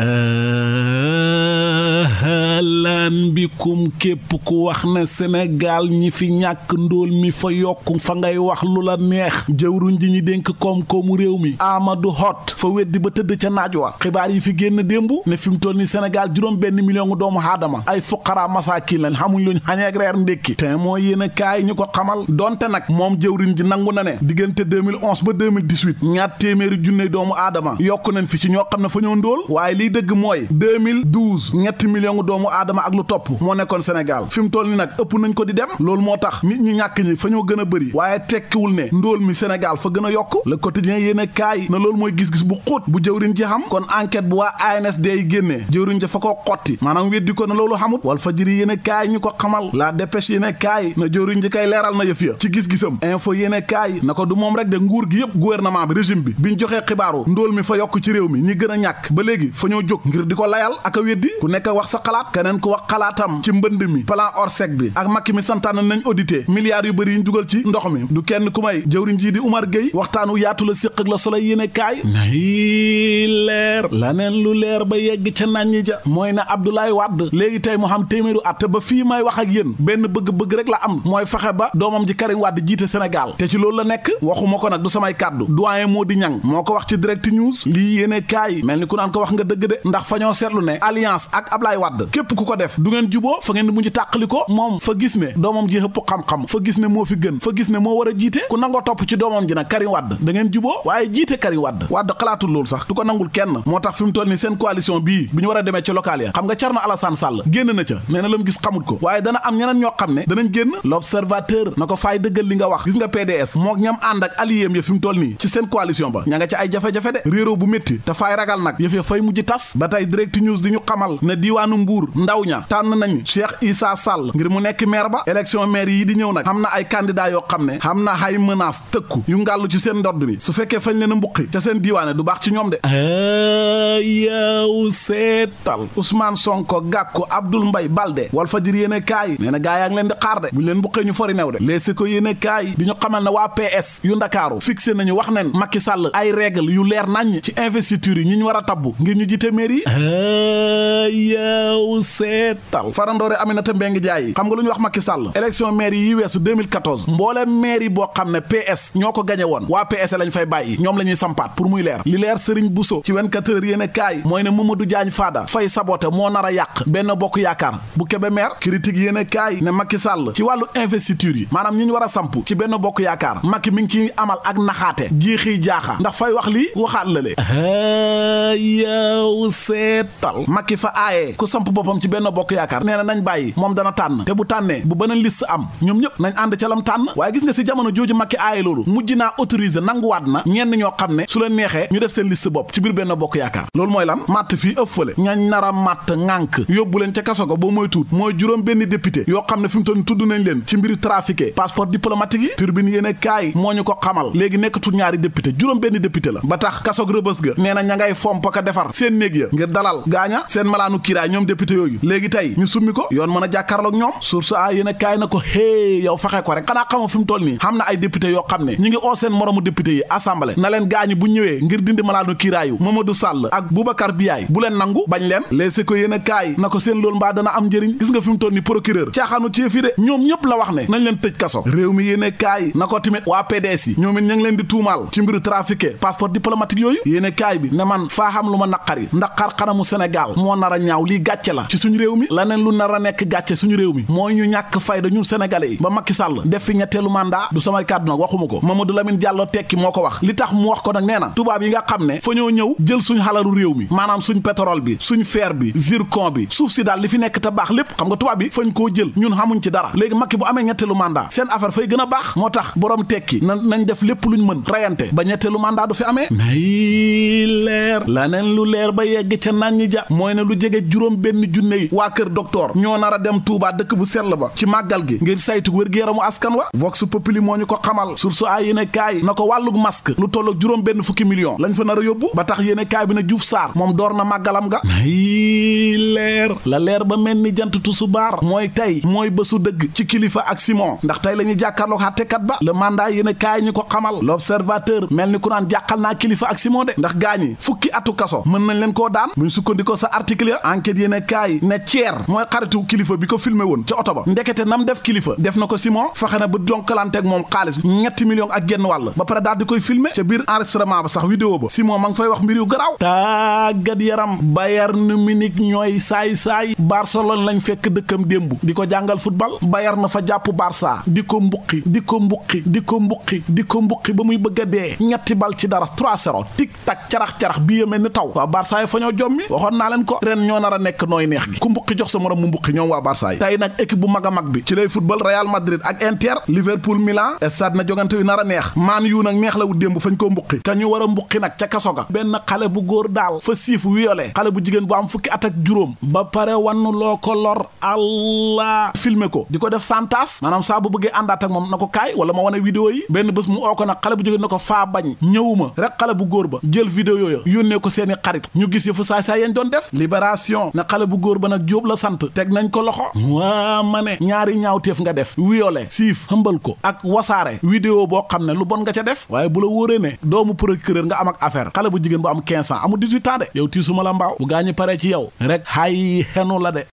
Euh, naan mbikum képp ku wax ne Sénégal ñi fi ñàkk ndóol mi fa yokk fa ngay wax lu la neex jëwruñ ji ñi dénk koom-koomu réew mi du Hott fa weddi ba tëdd ca naaj wa xibaar yi fi génn démb ne fi mu toll ni Sénégal juróom benn million ngu doomu aadama ay fuqara masaakin lañ xamuñ luñ xañeeg reer ndékki te moo yéen a kaay ñu ko xamal donte nag moom jëwriñ ji nangu na ne diggante 2011 ba 2018 ñaar téeméeri junne doomu aadama yokk nañ fi ci ñoo xam ne fa ñoo ndóol waaye liy mooy 2012 ñetti million ngu doomu ak lu topp moo nekkoon Sénégal fi mu toll ni nag ëpp nañ ko di dem loolu moo tax nit ñu ñàkk ñi fa ñoo gën a bëri waaye tekkiwul ne ndóol mi Sénégal fa gën a yokk le quotidien yéen a kaay na loolu mooy gis-gis bu xóot bu jëwriñ ci xam kon enquête bu waa ANSD yi génnee jëwriñ ja fa ko xotti maanaam weddi ko na loolu xamut wal fajiri yéen a kaay ñu ko xamal la dépêche yéen a kaay na jëwriñ ji kay leeral na yëf ya ci gis-gisam info yéen a kaay na ko du moom rek de nguur gi yëpp gouvernement bi régime bi biñ joxee xibaaru ndóol mi fa yokk ci mi ñi gën a ñàkk ba léegi fa ñoo jóg ngir di a weddi ku nekk wax xalaatam ci mbënd mi plan orsec bi ak Macky mi santaan nañ audité milliards yu bëri yu ñu dugal ci ndox mi du kenn ku may jëwriñ ji di Oumar Gueye waxtaan wu yaatu la séq la Soleil yéene kaay nay leer laneen lu leer ba yegg ca naññi ja mooy na Abdoulaye Wade léegi tey moo xam téeméeru at ba fii may wax ak yéen benn bëgg-bëgg rek la am mooy faxe ba doomam ji Karim Wade jiite Sénégal te ci loolu la nekk waxuma ko nag du samay kàddu doyen moo di ñang moo ko wax ci direct news lii yéene kaay mel ni ku naan wax nga dëgg ndax fa seetlu ne alliance ak Abdoulaye Wade képp ku ko def du ngeen juboo fa ngeen di mujj tàqali ko moom fa gis ne doomam ji ëpp xam-xam fa gis ne moo fi gën fa gis ne moo war a jiite ku nangoo topp ci doomam ji na Karim Wade da ngeen juboo waaye jiite Karim Wade Wade xalaatul loolu sax du ko nangul kenn moo tax fi mu toll ni seen coalition bii bi ñu war a demee ci local ya xam nga Thierno Alassane Sall génn na ca nee na la mu gis xamut ko waaye dana am ñeneen ñoo xam ne danañ génn l'observateur na ko fay dëggal li nga wax gis nga PDS mook ñam ak alliéem fi mu toll nii ci seen coalition ba ña nga ci ay jafe-jafe de bu métti te ragal nag yëf ya fay mujj tas ba tey direct news di ñu xamal ne diiwaanu mbuur ndaw ña tànn nañ Cheikh Issa Sall ngir mu nekk maire ba élection maire yi di ñëw nag xam na ay candidat yoo xam ne xam na ay menace tëkku yu ngàllu ci seen ndodd bi su fekkee fañ leen a mbuqi ca seen diiwaane du baax ci ñoom de yow seetal Ousmane Sonko Gàkku Abdoul mbay Balde Walfadjri yéene kaay nee na gaa yaa leen di xaar de buñ leen mbuqee ñu fori new de Les Échos yéene kaay di ñu xamal ne waa PS yu ndakaaru fixé nañu wax nen Macky sàll ay règle yu leer nañ ci investiture yi ñi ñu war a tabbu ngir ñu jiite mairie tal farandoore Aminata Mbengue Ndiaye xam nga lu ñu wax Macky Sall élection maire yi weesu 2014 mboolee maire yi boo xam ne PS ñoo ko gañe woon waa PS lañ fay bàyyi ñoom la ñuy sampaat pour muy leer li leer Serigne Bousso ci 24 heures yéen a kaay mooy ne Mamadou Diagne Fada fay saboté moo nar a yàq benn bokk yaakaar bu kebe maire critique yéen a kaay ne Macky Sall ci wàllu investiture yi maanaam ñi ñu war a samp ci benn bokk yaakaar Macky mi ngi ciy amal ak naxaate jiixi jaaxa ndax fay wax lii waxaat la le yow seetal Macky fa aaye ku samp boppam ci benn bokk yaakaar nee na nañ bàyyi moom dana tànn te bu tànnee bu beneen list am ñoom ñëpp nañ ànd ca lam tànn waaye gis nga si jamono jooju Macky aaye loolu mujj naa autorisé nanguwaat na ñenn ñoo xam ne su leen neexee ñu def seen liste bopp ci biir benn bokk yaakaar loolu mooy lan màtt fii ëpp fële ñañ nar a ŋànk yóbbu leen ca kaso ko boo mooy tuut mooy juróom benn député yoo xam ne fi mu toll tudd nañ leen ci mbiri trafiqué passeport diplomatique yi turbine yéen kaay moo ñu ko xamal léegi nekkatul ñaari député juróom benn député la ba tax kasoog rëbës ga nee samp ko defar seen néeg ya ngir dalal gaaña seen malaanu kiiraay ñoom député yooyu léegi tey ñu summi ko yoon mën a jàkkaarloog ñoom source a yéen a na ko hée yow faxe ko rek xanaa xamoo fi nii xam na ay député yoo xam ne ñu ngi oo seen moromu député yi assemblée na leen gaañu bu ñëwee ngir dindi malaanu kiiraayu Mamadou Sall ak Boubacar Biaye bu leen nangu bañ leen leese ko yéen a na ko seen loolu mbaa dana am njëriñ gis nga di tuumaal ci faa xam lu ma naqari ndax xar xanamu Sénégal moo nar a ñaaw lii gàcce la ci suñu réew mi laneen lu nar a nekk gàcce suñu réew mi mooy ñu ñàkk fayda ñun sénégalais yi ba Macky Sall def fi ñetteelu mandat du samay kàddu nag waxuma ko Mamadou Lamine Diallo tekki moo ko wax li tax mu wax ko nag nee na tubaab yi nga xam ne fa ñoo ñëw jël suñu xalalu réew mi maanaam suñ pétrole bi suñ fer bi zircon bi suuf si daal li fi nekk te baax lépp xam nga tubaab yi fañ koo jël ñun xamuñ ci dara léegi Macky bu amee ñetteelu mandat seen a baax moo tax borom nañ def lépp luñ mën rayante ba ñetteelu mandat du fi laneen lu leer ba yegg ca naan ñi ja mooy ne lu jege juróom benn junne yi waa kër docteur ñoo nar a dem tuubaa dëkk bu sell ba ci màggal gi ngir saytu wér-gu-yaramu askan wa vox populi moo ñu ko xamal sursu ay yéene kaay na ko wàllug mask lu tolloog juróom benn fukki million lañu fa nar a yóbbu ba tax yéene kaay bi na Diouf Sarr moom door na màggalam ga nay leer la leer ba mel ni jant baar mooy tey mooy ba su dëgg ci kilifa ak Simon ndax tey la ñuy jàkkaarloog ba le mandat yéene kaay ñu ko xamal l'observateur mel ni ku naan jàqal naa kilifa ak Simon ndax gaañi atu kaso mën nañ leen koo daan buñ sukkandikoo sa article ya enquête yéen kaay ne ceer mooy xaritu kilifa bi ko filmé woon ca oto ba ndekete nam def kilifa def na ko Simon fexe na ba jonkalanteeg moom xaalis ñetti millions ak genn wàll ba pare daal di koy filmé ca biir enregistrement ba sax vidéo ba Simon ma ngi fay wax mbir yu garaaw tàggat yaram Bayern Munich ñooy saay-saay Barcelone lañ fekk dëkkam démb di ko jàngal football Bayern na fa jàpp Barça di ko mbuqi di ko mbuqi di ko mbuqi di ko mbuqi ba muy bëgg a dee ñetti bal ci dara 3-0 mel ni taw waa Barça yi fa ñoo jommi waxoon naa leen ko ren ñoo nar a nekk nooy neex gi ku mbuqi jox sa morom mu mbuqi ñoom waa Barça yi nag équipe bu mag a mag bi ci lay football Real Madrid ak Inter Liverpool Milan stade na jogante yu nar a neex maan yu nag neex la wu démb fañ koo mbuqi ka ñu war a mbuqi nag ca kaso ga benn xale bu góor daal fa siif wiole xale bu jigéen bu am fukki at ak juróom ba pare wann ko lor allah filmer ko di ko def santas maanaam saa bu bëggee àndaat ak moom na ko kaay wala ma wane vidéo yi benn bés mu oo ko nag xale bu jigéen bu góor ba jël vidéo ko seen i xarit ñu gis yëfu saay-saay yañ doon def libération na xale bu góor ba nag jóob la sant teg nañ ko loxo waa ma ne ñaari ñaawteef nga def wiyole siif xëmbal ko ak wasaare vidéo boo xam ne lu bon nga ca def waaye bu la wóoree ne doomu procureur nga am ak affaire xale bu jigéen bu am 15 ans amul 18 ans de yow tiisuma la mbaaw bu gaañu paree ci yow rek hay xenu la de